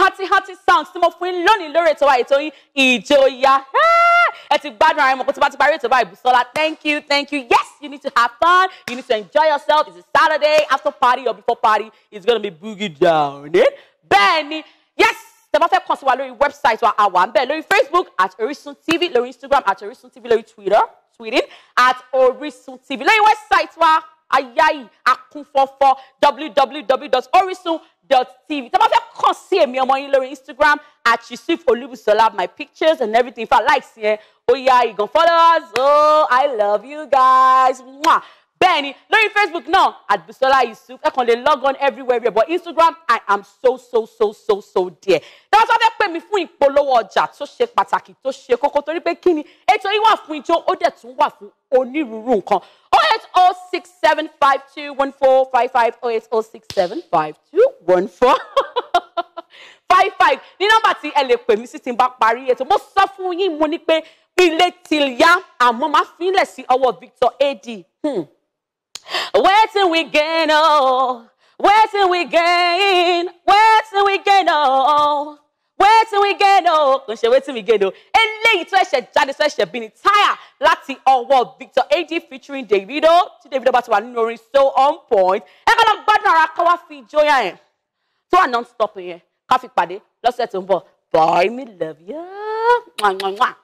hearty hearty sound tí mo fún yín lónìí lórí ètò wa ètò yín ìjòyà ẹ ti gbádùn ara ẹ mọ̀ kó tó bá ti parí ètò báyìí Bùsọ́lá thank you thank you yes you need to have fun you need to enjoy yourself it's a Saturday after party or before party it's gonna be boogie down eh? bẹ́ẹ̀ yes tẹ́ bá fẹ́ kàn sí wa lórí website wa àwa ń bẹ lórí Facebook at Orisun TV lórí Instagram at Orisun TV lórí Twitter tweeting at Orisun TV lórí website wa ayayi akunfọfọ www.orisun.tv tí a bá fẹ́ kàn sí èmi ọmọ yín lórí instagram at yusuf olúbùsọlá my pictures and everything if i like sí ẹ ó yá ìgàn followers oh i love you guys mwah bẹ́ẹ̀ ni lórí facebook náà at Yusuf ẹ lè log on everywhere here but instagram i am so so so so so there dáwọ́ fẹ́ pè mí fún ìpolówó ọjà tó ṣe pàtàkì tó ṣe kókó torí pé kí ni ètò yìí wà fún ijó ó dẹ̀ tún wà fún onírúurú nǹkan it's 067521455. Oh, it's 067521455. five five ní nọ́mbà tí ẹ lè pè mí sí tí n bá parí ètò mo sọ fún yín mo ní pé ilé ti yá àmọ́ máa fílẹ̀ sí ọwọ́ Victor AD. Hmm. wetin we gain oh wetin we gain wetin we gain oh wetin we gain oh kò ṣe wetin we gain oh eléyìí tó ẹ̀ṣẹ̀ jáde tó ẹ̀ṣẹ̀ bí ni táyà láti ọwọ́ Victor AD featuring Davido tí Davido bá ti wà nínú orin so on point ẹ kọ́ lọ gbádùn ara ká wá fi ìjóyà yẹn tó wà non-stop yẹn ká fi pàdé lọ́sẹ̀ tó ń bọ̀ boy me love you. Mwah, mwah, mwah.